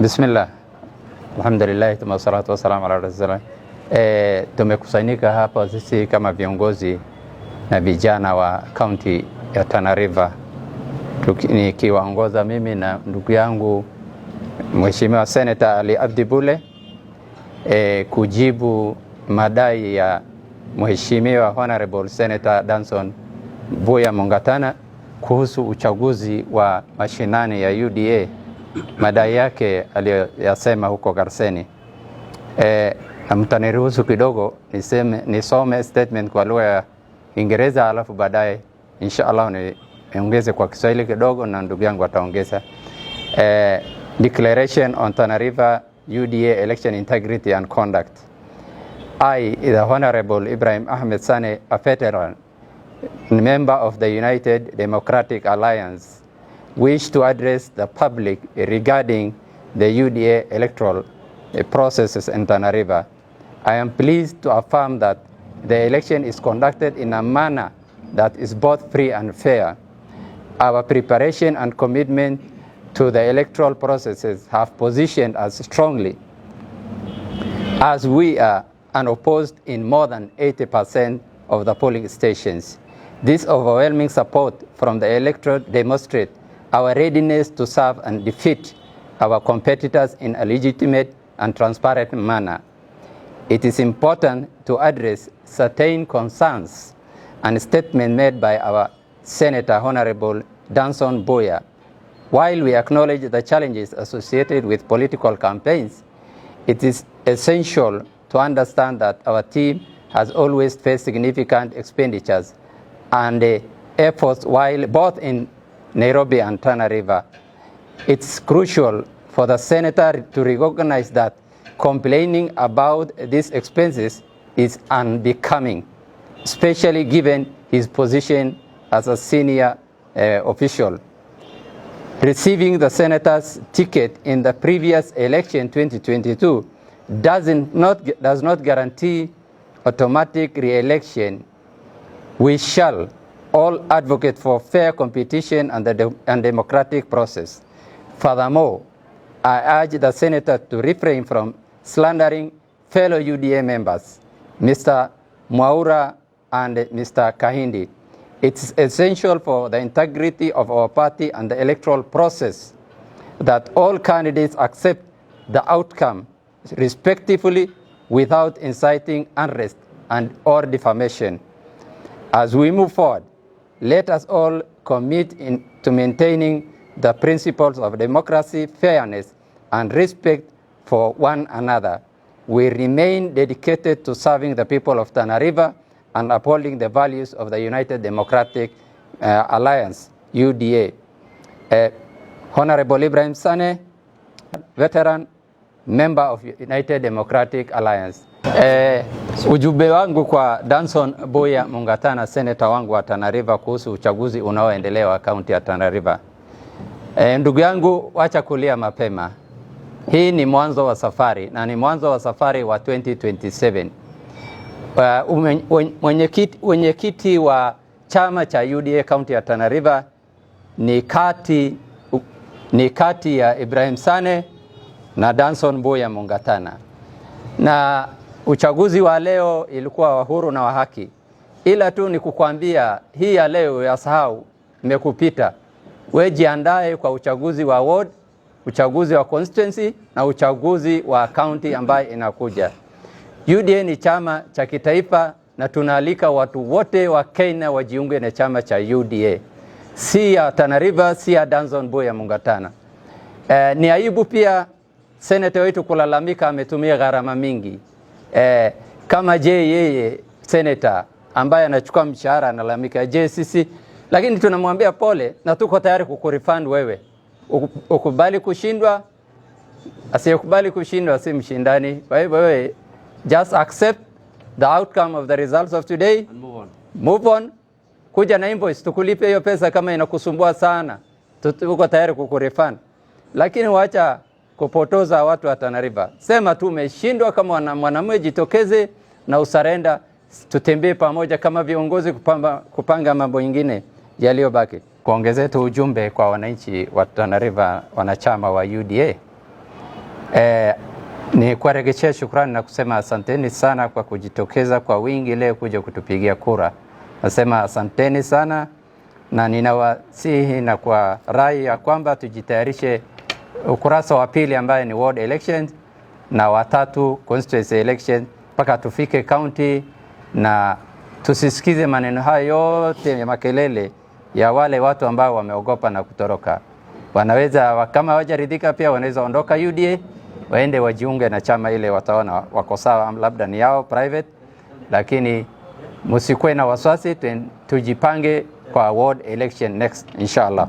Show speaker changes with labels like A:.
A: Bismillah, alhamdulillah, wassalatu wassalamu ala rasulillah. E, tumekusanyika hapa sisi kama viongozi na vijana wa kaunti ya Tana River nikiwaongoza mimi na ndugu yangu Mheshimiwa Seneta Ali Abdi Bule e, kujibu madai ya Mheshimiwa Honorable Senator Danson Buya Mungatana kuhusu uchaguzi wa mashinani ya UDA madai yake aliyoyasema huko Karseni. E, mtaniruhusu kidogo niseme, nisome statement kwa lugha ya Kiingereza alafu baadaye inshallah niongeze kwa Kiswahili kidogo na ndugu yangu ataongeza. E, declaration on Tana River UDA election integrity and conduct. I, the Honorable Ibrahim Ahmed Sane, a veteran member of the United Democratic Alliance wish to address the public regarding the UDA electoral eh, processes in River. I am pleased to affirm that the election is conducted in a manner that is both free and fair. Our preparation and commitment to the electoral processes have positioned us strongly as we are unopposed in more than 80% of the polling stations. This overwhelming support from the electorate demonstrates our readiness to serve and defeat our competitors in a legitimate and transparent manner. It is important to address certain concerns and statements made by our Senator Honorable Danson Boyer. While we acknowledge the challenges associated with political campaigns, it is essential to understand that our team has always faced significant expenditures and efforts while both in Nairobi and Tana River. It's crucial for the senator to recognize that complaining about these expenses is unbecoming, especially given his position as a senior uh, official. Receiving the senator's ticket in the previous election 2022 doesn't not, does not guarantee automatic re-election. We shall all advocate for fair competition and, the and democratic process. Furthermore, I urge the senator to refrain from slandering fellow UDA members, Mr. Mwaura and Mr. Kahindi. It's essential for the integrity of our party and the electoral process that all candidates accept the outcome respectfully without inciting unrest and or defamation. As we move forward, let us all commit in, to maintaining the principles of democracy, fairness, and respect for one another. We remain dedicated to serving the people of Tana River and upholding the values of the United Democratic uh, Alliance, UDA. Uh, Honorable Ibrahim Sane, veteran member of United Democratic Alliance. Eh, ujumbe wangu kwa Danson Boya Mungatana, seneta wangu wa Tana River kuhusu uchaguzi unaoendelea wa kaunti ya Tana River. Eh, ndugu yangu, wacha kulia mapema. Hii ni mwanzo wa safari na ni mwanzo wa safari wa 2027. Eh, uh, mwenyekiti mwenye wa chama cha UDA kaunti ya Tana River ni kati, ni kati ya Ibrahim Sane na Danson Mbuya Mungatana. Na uchaguzi wa leo ilikuwa wa huru na wa haki, ila tu ni kukwambia hii ya leo ya sahau imekupita. wewe. jiandae kwa uchaguzi wa ward, uchaguzi wa constituency na uchaguzi wa county ambayo inakuja. UDA ni chama cha kitaifa na tunaalika watu wote wa Kenya wajiunge na chama cha UDA, si ya Tana River, si ya Danson Mbuya Mungatana. Eh, ni aibu pia seneta wetu kulalamika ametumia gharama mingi e, kama je yeye seneta ambaye anachukua mshahara analalamika, je sisi? Lakini tunamwambia pole na tuko tayari kukurifund wewe, ukubali kushindwa, asiyekubali kushindwa si mshindani. Kwa hivyo wewe just accept the outcome of the results of today and move on, move on. Kuja na invoice tukulipe hiyo pesa, kama inakusumbua sana, tuko tayari kukurefund, lakini wacha kupotoza watu wa Tana River. Sema tu umeshindwa, kama mwanamume jitokeze na usarenda, tutembee pamoja kama viongozi kupamba, kupanga mambo mengine yaliyobaki. Kuongeze tu ujumbe kwa wananchi wa Tana River wanachama wa UDA e, eh, ni kuwaregeshea shukrani na kusema asanteni sana kwa kujitokeza kwa wingi leo kuja kutupigia kura. Nasema asanteni sana na ninawasihi na kwa rai ya kwamba tujitayarishe ukurasa wa pili ambaye ni ward elections na watatu constituency election mpaka tufike county, na tusisikize maneno hayo yote ya makelele ya wale watu ambao wameogopa na kutoroka. Wanaweza kama hawajaridhika, pia wanaweza ondoka UDA waende wajiunge na chama ile, wataona wako sawa, labda ni yao private, lakini msikuwe na wasiwasi, tujipange kwa ward election next inshallah.